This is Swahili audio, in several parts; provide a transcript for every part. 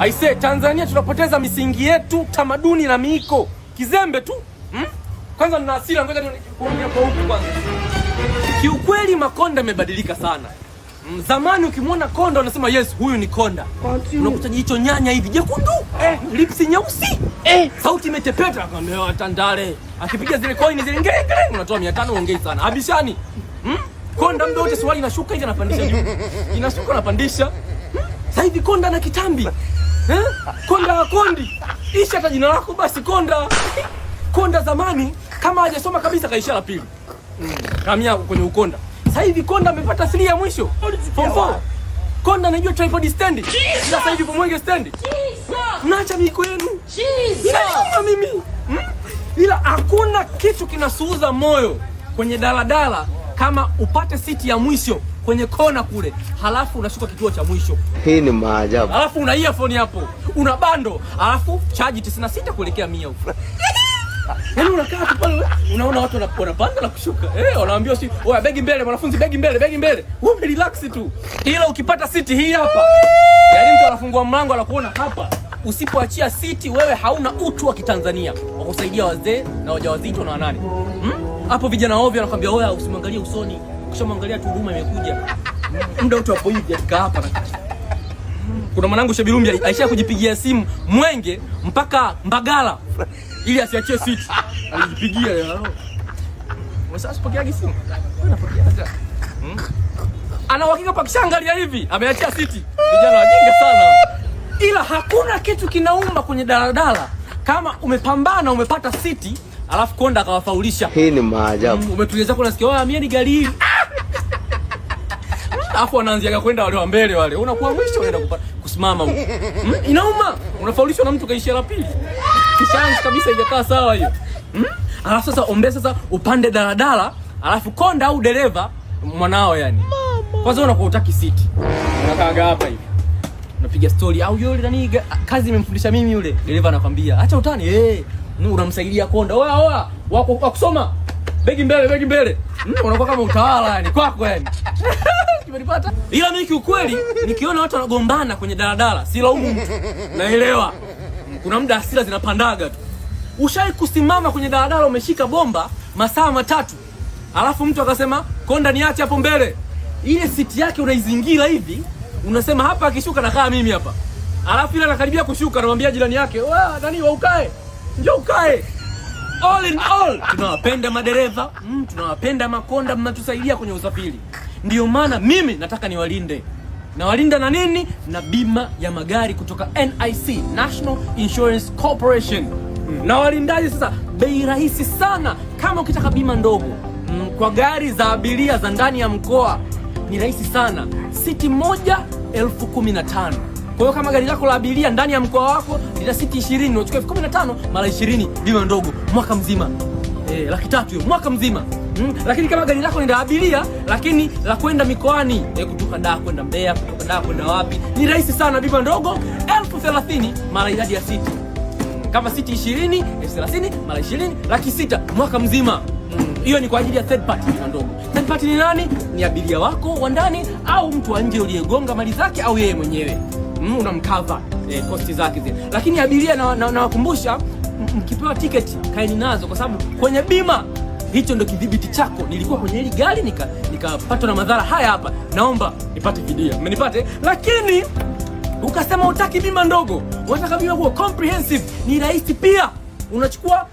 Aise, Tanzania tunapoteza misingi yetu, tamaduni na miiko. Kizembe tu hmm? Kwanza nina hasira, ngoja niongee kwa huku kwanza. Kiukweli Makonda yamebadilika sana. Hmm, zamani ukimwona Konda unasema yes, huyu ni Konda. Unakuta jicho nyanya hivi jekundu eh, lipsi nyeusi eh, sauti imetepeta, akaondoa Tandale akipiga zile coin zile ngere ngere, unatoa 500 ongei sana abishani hmm? Konda mdote swali inashuka ile inapandisha juu, inashuka inapandisha hivi Konda na Kitambi eh? Konda ya Kondi ishi hata jina lako basi Konda. Konda zamani kama hajasoma kabisa kaisha la pili Kamia mm, kwenye ukonda sasa hivi Konda amepata 3 ya mwisho form 4. Konda anajua tripod stand sasa hivi kumwenge stand. Mnaacha miko yenu nauma mimi hmm? Ila hakuna kitu kinasuuza moyo kwenye daladala kama upate siti ya mwisho kwenye kona kule, halafu unashuka kituo cha mwisho. Hii ni maajabu. Halafu una earphone hapo, una bando, halafu chaji 96 kuelekea 100 huko. Yaani unakaa tu pale unaona watu wanapanda na kushuka. Eh, hey, wanaambiwa si, "Oya begi mbele mwanafunzi, begi mbele, begi mbele." Wewe relax tu. Ila ukipata siti hii hapa, yaani mtu anafungua mlango anakuona hapa. Usipoachia siti, wewe hauna utu wa Kitanzania wa kusaidia wazee na wajawazito na wanane hmm? hapo. Hmm? Vijana ovyo wanakwambia wewe, usimwangalie usoni, ukishamwangalia tu huruma imekuja hmm? muda utu hapo hivi akikaa hapa na kuna mwanangu Shabilumbi aisha kujipigia simu Mwenge mpaka Mbagala ili asiachie siti, alijipigia leo. Sasa sipokeagi simu hmm? ana uhakika, pakishaangalia hivi ameachia siti. Vijana wajinga sana ila hakuna kitu kinauma kwenye daladala kama umepambana umepata siti, alafu konda akawafaulisha. Hii ni maajabu. Mm, umetuliza kuna sikia waya mie ni gari hili alafu anaanziaga kwenda wale wa mbele wale, unakuwa mwisho unaenda kupata kusimama mm, inauma, unafaulishwa na mtu kaishia la pili, kishanzi kabisa, ijakaa sawa hiyo mm? Alafu sasa ombe sasa upande daladala, alafu konda au dereva mwanao, yani kwanza unakuwa utaki siti, unakaaga hapa hivi unapiga story au yule nani kazi imemfundisha mimi yule dereva anakwambia acha utani eh hey, unamsaidia konda oa oa wako kusoma begi mbele begi mbele mm, unakuwa kama utawala yani kwako yani kimenipata ila mimi kiukweli nikiona watu wanagombana kwenye daladala si laumu mtu naelewa kuna muda hasira zinapandaga tu ushai kusimama kwenye daladala umeshika bomba masaa matatu alafu mtu akasema konda niache hapo mbele ile siti yake unaizingira hivi unasema hapa akishuka nakaa mimi hapa, alafu ile anakaribia kushuka, namwambia jirani yake wa nani wa ukae, njoo ukae. All in all, tunawapenda madereva mm, tunawapenda makonda, mnatusaidia kwenye usafiri. Ndiyo maana mimi nataka niwalinde na walinda na nini? Na bima ya magari kutoka NIC, National Insurance Corporation. Mm. Na walindaji sasa, bei rahisi sana kama ukitaka bima ndogo mm, kwa gari za abiria za ndani ya mkoa ni rahisi sana, siti moja elfu kumi na tano. Kwa hiyo kama gari lako la abiria ndani ya mkoa wako lina siti ishirini, unachukua elfu kumi na tano mara ishirini, bima ndogo mwaka mzima e, laki tatu hiyo mwaka mzima. Mm, lakini kama gari lako ni la abiria lakini la kwenda mikoani e, kutoka Dar kwenda Mbeya, kutoka Dar kwenda wapi, ni rahisi sana, bima ndogo elfu thelathini mara idadi ya siti. Hmm, kama siti 20, elfu thelathini mara 20, laki sita mwaka mzima. Mm. hiyo ni kwa ajili ya third party ndogo. Third party ni nani? Ni abiria wako wa ndani au mtu wa nje uliyegonga mali zake au yeye mwenyewe mm, unamkava eh, kosti zake zile. Lakini abiria nawakumbusha na, na mkipewa tiketi kaeni nazo, kwa sababu kwenye bima hicho ndo kidhibiti chako. Nilikuwa kwenye hili gari nikapatwa nika na madhara haya hapa, naomba nipate fidia, mmenipate. Lakini ukasema utaki bima ndogo, unataka bima kuwa comprehensive, ni rahisi pia unachukua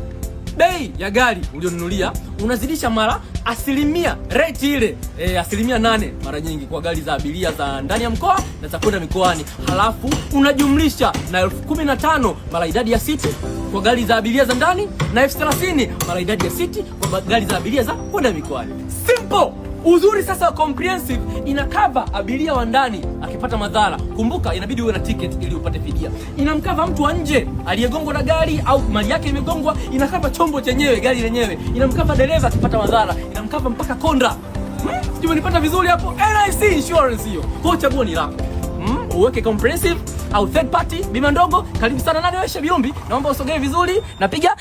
bei ya gari ulionunulia unazidisha mara asilimia rate ile e, asilimia nane mara nyingi kwa gari za abiria za ndani ya mkoa na za kwenda mikoani, halafu unajumlisha na elfu kumi na tano mara idadi ya siti kwa gari za abiria za ndani na elfu thelathini mara idadi ya siti kwa gari za abiria za kwenda mikoani. Simple. Uzuri sasa wa comprehensive ina cover abiria wa ndani akipata madhara. Kumbuka inabidi uwe na ticket ili upate fidia. Inamkava mtu wa nje aliyegongwa na gari au mali yake imegongwa, inakava chombo chenyewe, gari lenyewe, inamkava dereva akipata madhara, inamkava mpaka konda. Hmm? Nipata vizuri hapo. NIC insurance hiyo. Kwa chaguo ni lako. Hmm? Uweke comprehensive au third party, bima ndogo. Karibu sana nani wewe Shebiumbi. Naomba usogee vizuri, napiga